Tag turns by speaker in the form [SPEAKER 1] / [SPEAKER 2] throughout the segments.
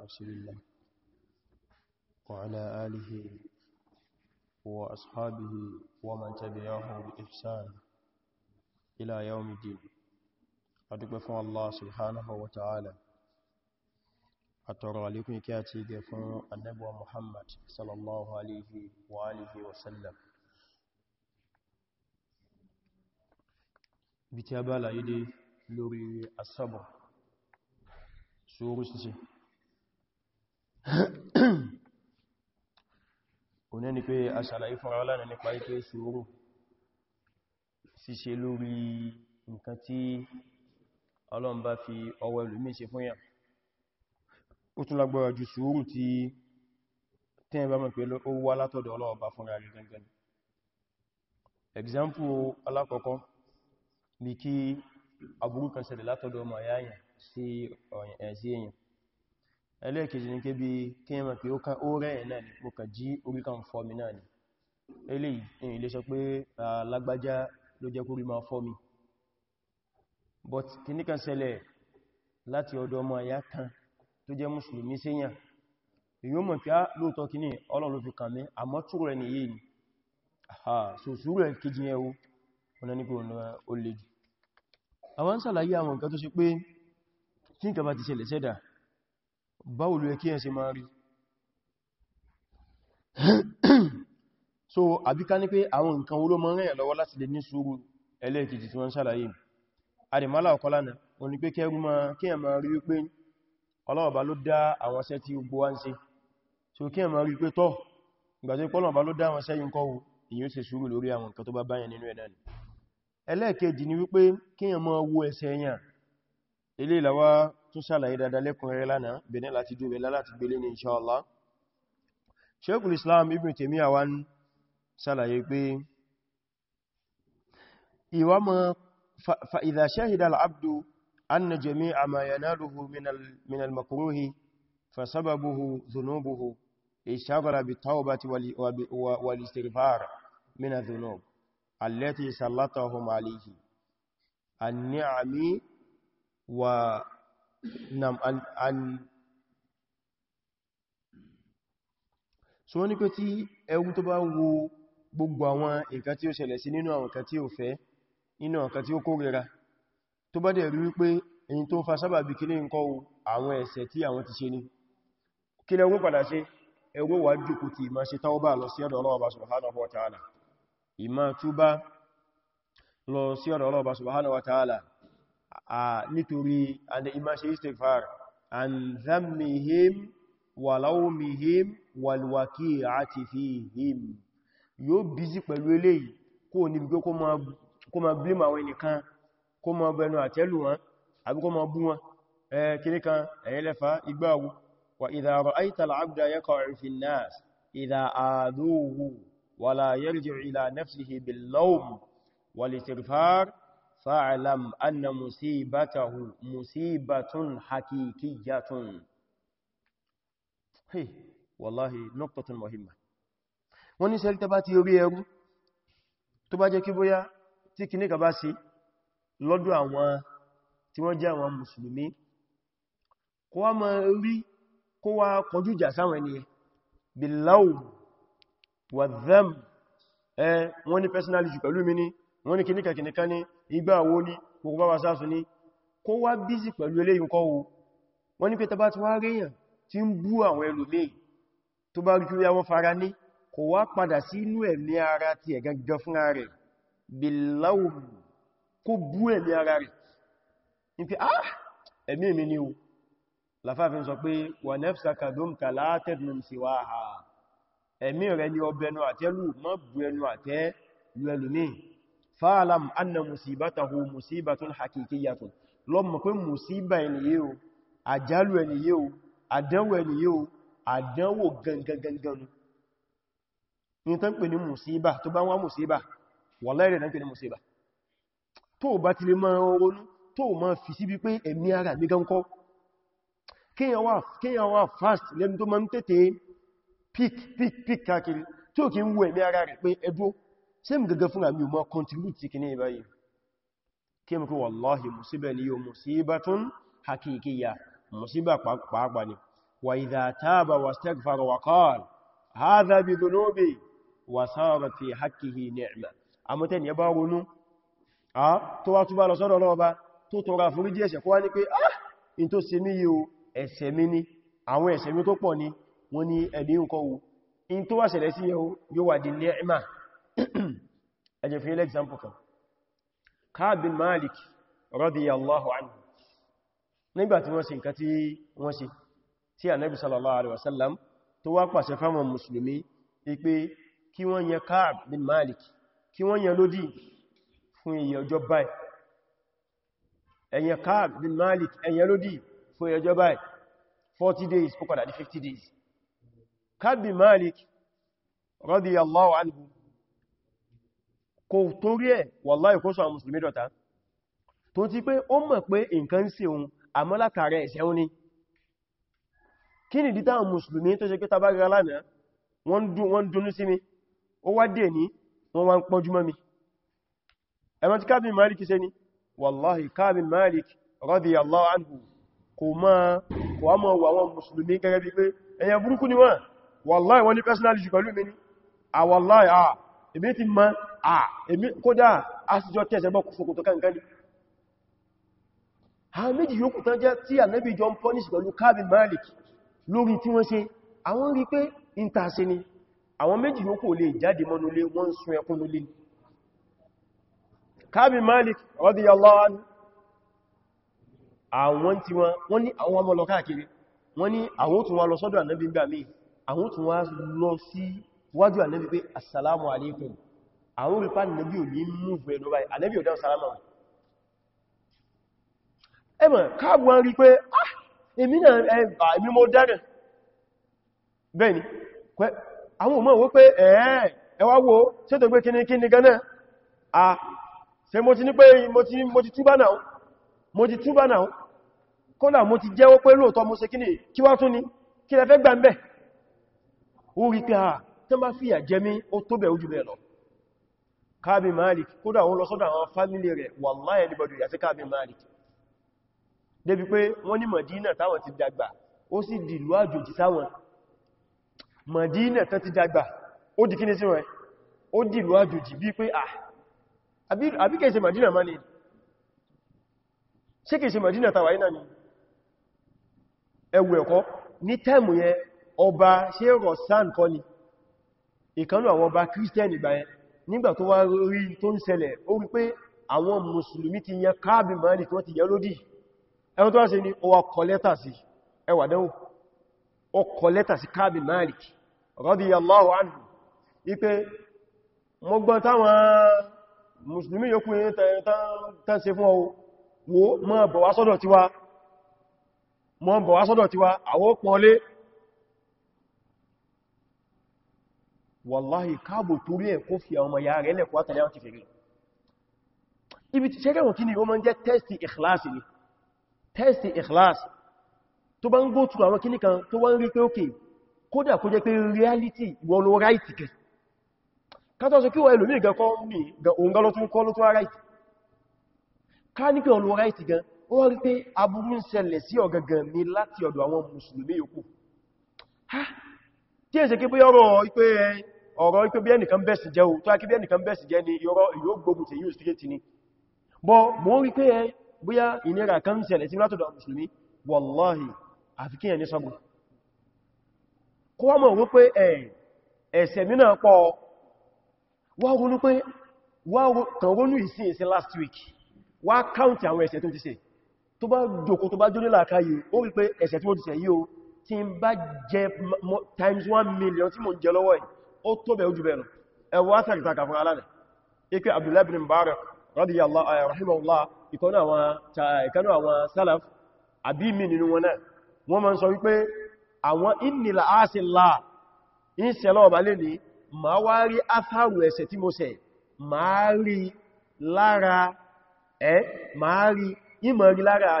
[SPEAKER 1] رسول الله وعلى آله وأصحابه ومن تبعه بإحسان إلى يوم الدين أدوك بفن الله سبحانه وتعالى أترى لكم كاتي بفن النبو محمد صلى الله عليه وآله وسلم بتابع لأيدي لوري الصبر سورة سيسي oní pé a ṣàlàyé fún ara lánàá nípa ipé ṣòro ṣíṣe lórí nǹkan tí Ọlọ́run bá fi ọwọ́ ìlúmí ṣe fún yà ó tún lágbára ju ṣòro tí tẹ́yìn bá mọ̀ pé ó wá látọ̀dọ̀ Ọlọ́run fún ara gangan example alákọ̀ọ́kọ́ bí kí aburú kan ṣẹlẹ̀ látọ̀dọ̀ ọmọ yáyàn sí èyàn ẹlẹ́ẹ̀kejì ní kébí kí ẹmà pé ó rẹ̀ ẹ̀ náà ni mo kà jí orí kan fọ́ mi náà ni eléyìí ilé sọ pé lágbájá ló jẹ́ kórí máa fọ́ mi but kìní kan ṣẹlẹ̀ láti ọ̀dọ̀ ọmọ àyá kan tó jẹ́ mùsùlùmí séyàn èyí mọ̀ pé ti ṣẹlẹ̀ sẹ́dàá báwo ló yẹ kí ẹn ṣe máa rí so àbíká ní pé àwọn nǹkan wo ló máa rẹ̀yàn lọ́wọ́ láti lè ní sùúrù ẹlẹ́ẹ̀kejì tí wọ́n ṣàlàyé àdìmọ́lá ọ̀kọ́lánà o ní pé kẹrù máa kí rí wípé ọlọ́ọ̀bá so kí ẹ máa rí pé tọ́ ìgbà tó pọ́lọ̀ọ̀bá ló dá àwọn iṣẹ́ yìí ń kọ́ wo èyí ó ṣe sùúrù lórí àwọn nǹkan tó bá báyàn nínú tún sàlàyé dada lẹ́kùn rẹ̀ lánàá benin láti dúbẹ̀ láti gbélé ní inṣáàlá Sheikhul Islam Ibn Taymiyyah wá ń sàlàyé pé ìwà mọ́ fa idha shahida al-abdu anna jami'a ma yanaluhu min al-makruhi wa nam al so wọ́n ní pé tí ẹrú tó bá wo gbogbo àwọn nǹkan tí ó ṣẹlẹ̀ sí nínú àwọn nǹkan o ó fẹ́ nínú àwọn nǹkan tí ó kórìíra tó bá dẹ̀ rí wípé èyí tó fa sábàbí kí ní nǹkan àwọn ẹ̀ṣẹ̀ tí àwọn ti ṣe ní kí lẹ́rú padà ṣe ẹrú wà jùkú ti ìmá ṣe tawba lọ sí ọ̀dọ̀ Ọlọ́run subhanahu wa ta'ala ìmá túbá lọ sí ọ̀dọ̀ Ọlọ́run subhanahu wa ta'ala nítorí adé imáṣe istighfar an zammihim walaumihim walwaqi'ati fihim yóò bízi pẹ̀lú eléyìí kó níbi pé kó ma blame àwọn ẹnìkan kó ma bẹnu àtẹ́lù wọn àbí kó ma bú wọn kìníkan ẹ̀yẹlẹ́fà igbáwó wa idha ra'aita al-'abda wala yarji'u ila nafsihi bil-lawm wal-istighfar fa'alam anna musibatahu musibatun hakikiyatun hey wallahi nuqtatun muhimma wọ́n ní sel tá bá ti orí ẹrú tó bá jẹ́ kí bóyá tí kini ka bá sí lọ́dọ̀ àwọn tí wọ́n jẹ́ àwọn muslimi kó wá má rí kó wá kọjú jà sáwọn ẹni billaw wa dham eh wọ́n ní personality pẹ̀lú mi ni wọ́n ní kìníkà kìníkà ní igbá àwó ní gbogbo bá wa sáàsù ní kó wá bízì pẹ̀lú eléyìn kọ́ o wọ́n ní pé tàbá ti wá ríyàn tí ń bú àwọn ẹlòmíì tó bá rí kí wọ́n fara ní kò wá padà sí inú ẹ̀mí ara ti ẹ̀gangan fúnra rẹ̀ ah, ni o ha ẹ̀mí rẹ̀ ni ọbẹnu àtẹ́lù mọ́ bu ẹnu lu ẹlòmíì fa'alam anna musibatahu musibatun hakikiyatun lọ mọ̀ pé musiba ẹniyẹ o àjálù ẹniyẹ o àdánwò ẹniyẹ o àdánwò gangangangan ní tán pè ní musiba tó bá wá musiba wallahi tán pè ní musiba tó bá ti lè máa ronú tó máa fi síbi pé ẹ̀mí ara mi gan kọ́ kíyàn wà fast lẹ́nu ṣe mi gẹ́gẹ́ fún àmì ọmọ contribute sí kìí báyìí kí mú kí wallahi musibẹ̀ ni yóò musibatun hakikiya musibà pàápàá ni wa idha taba wastaghfara wa qala hadha bi dhunubi wa sara fi haqqihi ni'ma àmọ́tẹ́ ni ẹbá ronú a tó wá túbá lọ sọ́dọ̀ lọ́ọba tó tọrọ àforíjì ẹ̀ṣẹ̀ kó ní pé ah in tó ṣe mí yíò ẹ̀ṣẹ̀ mi ni àwọn ẹ̀ṣẹ̀ mi tó pọ̀ ni wọ́n ni ẹ̀dí in tó wá ṣẹlẹ̀ sí yóò wà di ni'ma ẹjẹ̀ fún ilé example kan Ka'b bin Malik radiyallahu anhu nígbàtí wọ́n ṣe nǹkan tí wọ́n ṣe tí Ànábì sallallahu alaihi wasallam tó wá pàṣẹ fáwọn mùsùlùmí ipé kí wọ́n yẹ Ka'b bin Malik kí wọ́n yẹ lódì fún iye ọjọ́ báyìí ẹ̀yẹ Ka'b Malik ẹ̀yẹ lódì 40 days ó padà di 50 days Ka'b bin Malik kò torí ẹ̀ wàláhì kó sọ àwọn mùsùlùmí dọ̀tá tó ti pé ó mọ̀ pé nǹkan sí òun àmọ́ látàrí ẹ̀ṣẹ̀ òun ni kí ni dítà àwọn mùsùlùmí tó ṣe pé tabára lánàá wọ́n dunú sí mi ó wá dè ní wọ́n wá ń pọ́jú malik ni malik anhu k'o wà pẹ̀lú mi ah, ah, èmi ti mọ́ à èmi kódà aṣíjọ tẹ́ẹ̀sẹ̀ bọ́ fòkòtò kankan ní àwọn méjì yóò kù tán jẹ́ tí ànẹ́bì jọ ń pẹ̀lú káàbì Malik lórí tí wọ́n ṣe àwọn rí pé ìntàṣe ni àwọn méjì yóò kù lè jáde mọ́nulé wọ́n sun ẹkún nulé Malik radiyallahu anhu àwọn tí wọ́n ní àwọn ọmọ lọ káàkiri wọ́n ní àwọn tún wá wájú ànábì pé assalamu alaikum àwọn olùpá ànábì ò ní mú fẹ́ lọ́wọ́ ànábì ò dáhùn salama ẹmọ̀ káàbù wọn rí pé ah èmi náà ẹ̀bà mo dára bẹ́ẹ̀ni àwọn ọmọ wó pé ẹ̀ẹ́ ẹwà wo ṣe tó gbé kíní kíní gánà à ṣe mo ti ní pé mo ti túbá náà mo ti túbá náà kọ́nà mo ti jẹ́wọ́ pé lóòtọ́ mo ṣe kíní kí wá ó rí pé àà tán bá fìyà jẹ mí ó tó bẹ̀ ojú bẹ̀ lọ káàbí malik kódà wọn lọ sọ́dọ̀ àwọn fámílì rẹ̀ wallahi anybody àti káàbí malik débi pé wọ́n ní madina táwọn ti dàgbà ó sì dìlú àjòjì sáwọn madina tán ti dàgbà ó di kíní sí wọn ó dìlú àjòjì bí pé à madina má ní ṣé madina tàwà iná ni ẹwù ẹ̀kọ́ ní tẹ́mù yẹn ọba ṣe rọ̀sán kọ́ ni ìkanú àwọn ọba kírísítẹ́nì gbáyẹn nígbà tó wá rí tó ń ṣẹlẹ̀ ó rí pé àwọn mùsùlùmí ti yan káàbì máàlì tí wọ́n ti yẹ lódì ẹwọ́n tó wá ṣe ní ó wá kọ lẹ́tà sí ẹwà dẹ́wò ó kọ lẹ́tà sí káàbì máàlì radiyallahu anhu wàláhì káàbò torí ẹ̀ kó fi àwọn ya rẹ̀ lẹ́kọ́ àtàlẹ́ àwọn kìfèrè ibi tí ṣẹ́gẹ̀ wọ̀n kí ni ó máa ń jẹ́ tẹ́sì ìkìláàsì ni tẹ́sì ìkìláàsì tó bá ń gó tu àwọn kíní kan tó wá ń rí pé ókè kódà kó jẹ́ pé reality wọ́n tí è ṣe kí bóyá ọ̀rọ̀ ipé ọ̀rọ̀ ipé bí ẹnìkan bẹ́ẹ̀sì jẹ́ o tó á kí bí ẹnìkan bẹ́ẹ̀sì jẹ́ ni yọ́rọ̀ yóò gbógun ti yóò straight ni bọ́ mọ́ rí pé bóyá ìnira kan ń ṣẹlẹ̀ sí látọ̀dọ̀ mùsùlùmí wallahi àfikíyàn ní sọ́gbọ̀n kó wá mọ̀ wípé ẹ̀ṣẹ̀ mí náà pọ̀ wá ronú pé wá kàn ronú ìsìn ìsìn last week wá káùntì àwọn ẹ̀ṣẹ̀ tó ti ṣe tó bá jókòó tó bá jónílà káyé ó rí pé ẹ̀ṣẹ̀ tí wọ́n ti ṣe yìí o tí ń bá jẹ times one million tí mo jẹ lọ́wọ́ ẹ̀ ó tó bẹ̀ ojú bẹ̀rẹ̀ ẹwọ́ átàkìtàkà fún alálẹ̀ ike Abdullah ibn Mubarak radiyallahu eh, anhu àwọn salaf àbí mi nínú wọn náà wọ́n ma ń sọ wípé àwọn ìnìlà àṣìlá ìṣẹ̀lọ́ ọba lè ní ma wá rí átàrù ẹ̀ṣẹ̀ tí mo ṣẹ̀ ma rí lára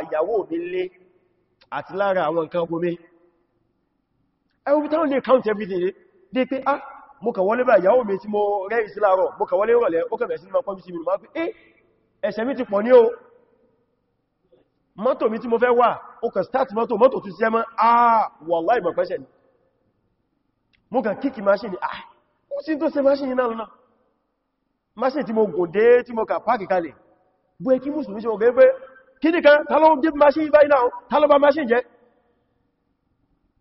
[SPEAKER 1] ìyàwó mi lé àti lára àwọn nǹkan gómìnà ẹwọ́ tán lè count everything dé pé ah mo kà wọlé bá ìyàwó mi tí mo rẹ́ ìsí láàárọ̀ mo kà wọlé rọ̀lẹ́ ó kẹ̀bẹ̀ sí ní makọ́ sí mi ma pé eh ẹ̀ṣẹ̀ mi ti pọ̀ ní o mọ́tò mi tí mo fẹ́ wà ó kà start mọ́tò mọ́tò tún sí ẹmọ́ ah wàláì mọ̀ pẹ́ṣẹ̀ ni mo ah ó sì tó ṣe máṣíni náà lọ́nà máṣíni tí mo gòdé tí mo kà páàkì kalẹ̀ bó ẹkí mùsùlùmí ṣe ọ̀gẹ́ pé kí nìkan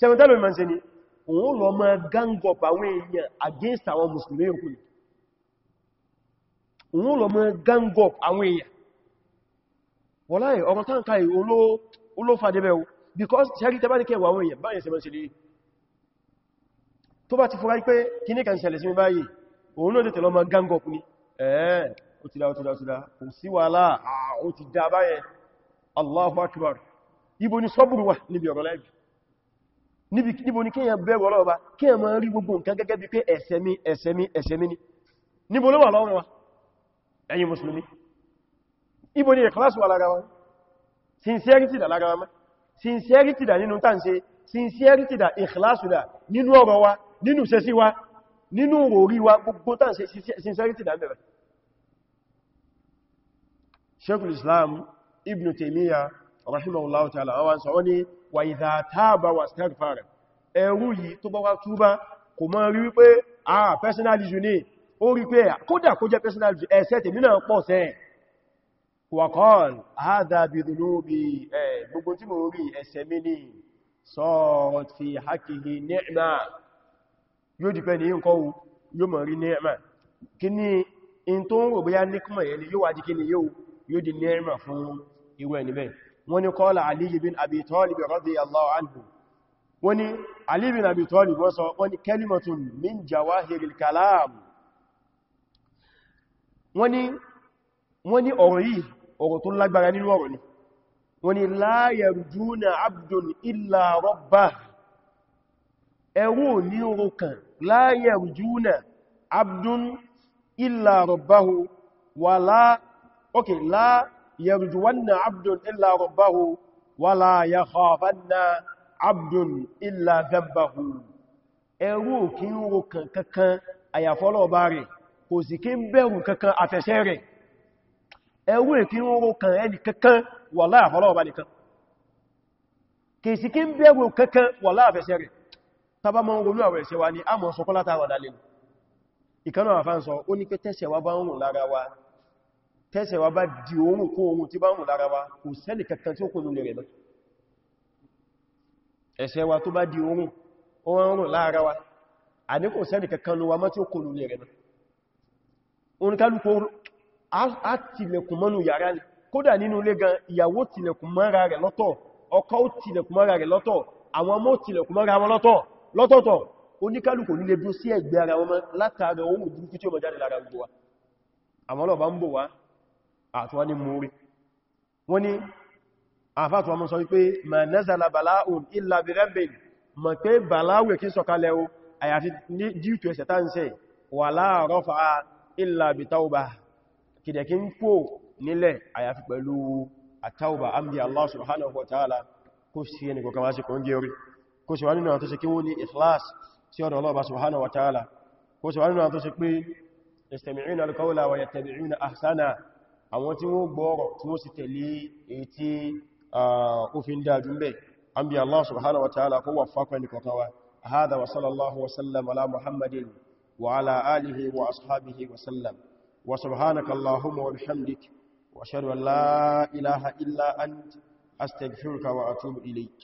[SPEAKER 1] sẹ́wọ̀ntẹ́lò ìmọ̀ ṣe ni òun lọ mọ́ gangop àwọn èèyàn against àwọn musulmi òkú ni òun lọ mọ́ gangop àwọn èèyàn wọ́láyé ọmọ tánkà olófàdébẹ̀ o because ṣẹ́rí tẹ́bá ní kẹwàá àwọn èèyàn báyẹ̀ sẹ́mọ́ ṣẹlẹ̀ tó bá ti fúra pé kí ní kan ṣẹlẹ̀ sí báyìí òun ló tẹ̀tẹ̀ lọ mọ́ gangop ni ẹ̀ẹ́ ó ti dá ó ti dá ó ti dá kò sí wàhálà ah, ó ti dá báyẹ̀ Allahu Akbar ibo ni sọ́bùrù wà níbi ọ̀rọ̀ láìbì níbo ní kíyàn bẹ̀rù ọlọ́ọ̀bá kíyàn máa rí gbogbo nǹkan gẹ́gẹ́ bí pé ẹ̀ṣẹ̀mí ẹ̀ṣẹ̀mí ẹ̀ṣẹ̀mí ní níbo ló wà lọ́rùn wa ẹ̀yin mùsùlùmí ibo ni ìkọlásù wà lára wa sincerity dà lára wa sincerity dà nínú tàǹṣe sincerity dà ìkọlásù dà nínú ọ̀rọ̀ wa nínú sẹ́sí wa nínú Islam Ibn Taymiyyah rahimahullahu ta'ala àwọn sọ wọ́n ni wà ìdá tábà wà staghfara ẹ̀rú yìí tó bá wá túbá kò mọ́ rí wípé ah personal issue ni ó rí pé kódà kó jẹ́ personal issue ẹ̀ṣẹ̀ tèmi ní nǹkan yóò mọ̀ rí kí ni in tó ń rò bóyá fún irú ẹni wọ́n ní kọ́lá aliyu bin abi talib radiyallahu anhu wọ́n ní aliyu bin abi talib wọ́n sọ wọ́n ní kalimatun min jawahiril kalam wọ́n ní wọ́n ní ọ̀rọ̀ yìí ọ̀rọ̀ tó lágbára nínú ọ̀rọ̀ ni wọ́n ní la yarjuna abdun illa rabbah ẹ̀rù ní orúkàn la yarjuna abdun illa rabbahu wala okay يرجون عبد إلا ربه ولا يخافن عبد إلا ذنبه ẹrú kí ń ro kankan àyàfọ́lọ̀ ọba rẹ̀ kò sì kí ń bẹ̀rù kankan àfẹ́ṣẹ̀ rẹ̀ ẹrú kí ń ro kan ẹni kankan wà láàfọ́lọ̀ ọba nìkan kì sì kí ń bẹ̀rù kankan wà láàfẹ́ṣẹ̀ rẹ̀ tẹ́sẹ̀ wa bá di oòrùn kó oòrùn tí bá mú lára wa kò sẹ́lì kankan tí ó kò lórí rẹ̀ lọ ẹsẹ̀ wa tó bá di oòrùn oòrùn lára wa a ní kò sẹ́lì kankan ló wa mọ́ tí ó kò lórí rẹ̀ lọ oníkálùkù á tilẹ̀kùn mọ́nú yàrá ni kódà nínú ilé gan ìyàwó tilẹ̀kùn mọ́ra rẹ̀ lọ́tọ̀ ọkọ tilẹ̀kùn àtúwá ní múrí wọ́n ni àfáàtùwà mọ́ sọ wípé ma nazala bala'un illa bi rabbin mọ̀ pé bala'un kí sọkalẹ̀ o àyàfi ní jíìtù ẹ̀sẹ̀ tán sẹ wala rafa'a illa bi tauba kìdẹ̀kí ń pò nílẹ̀ àyàfi pẹ̀lú àtauba amdi Allah subhanahu wa ta'ala kó sí ẹni kọ̀kan wá sí kò ń gẹ́ orí kó sì wá nínú àwọn tó ṣe sí ọ̀dọ̀ Allah subhanahu wa ta'ala kó sì wá nínú àwọn tó ṣe pé yastami'una al-qawla wa yattabi'una ahsana àwọn tí wọ́n gbọ́ọ̀rọ̀ tí wọ́n sì tẹ̀lé èyí tí ó fi ń dájú mẹ́ an bí Allah subhanahu wa ta'ala kó wà fákọ́ ní kọ̀kan wa hada wa sallallahu wa sallam ala muhammadin wa ala alihi wa ashabihi wa sallam wa subhanaka wa bihamdik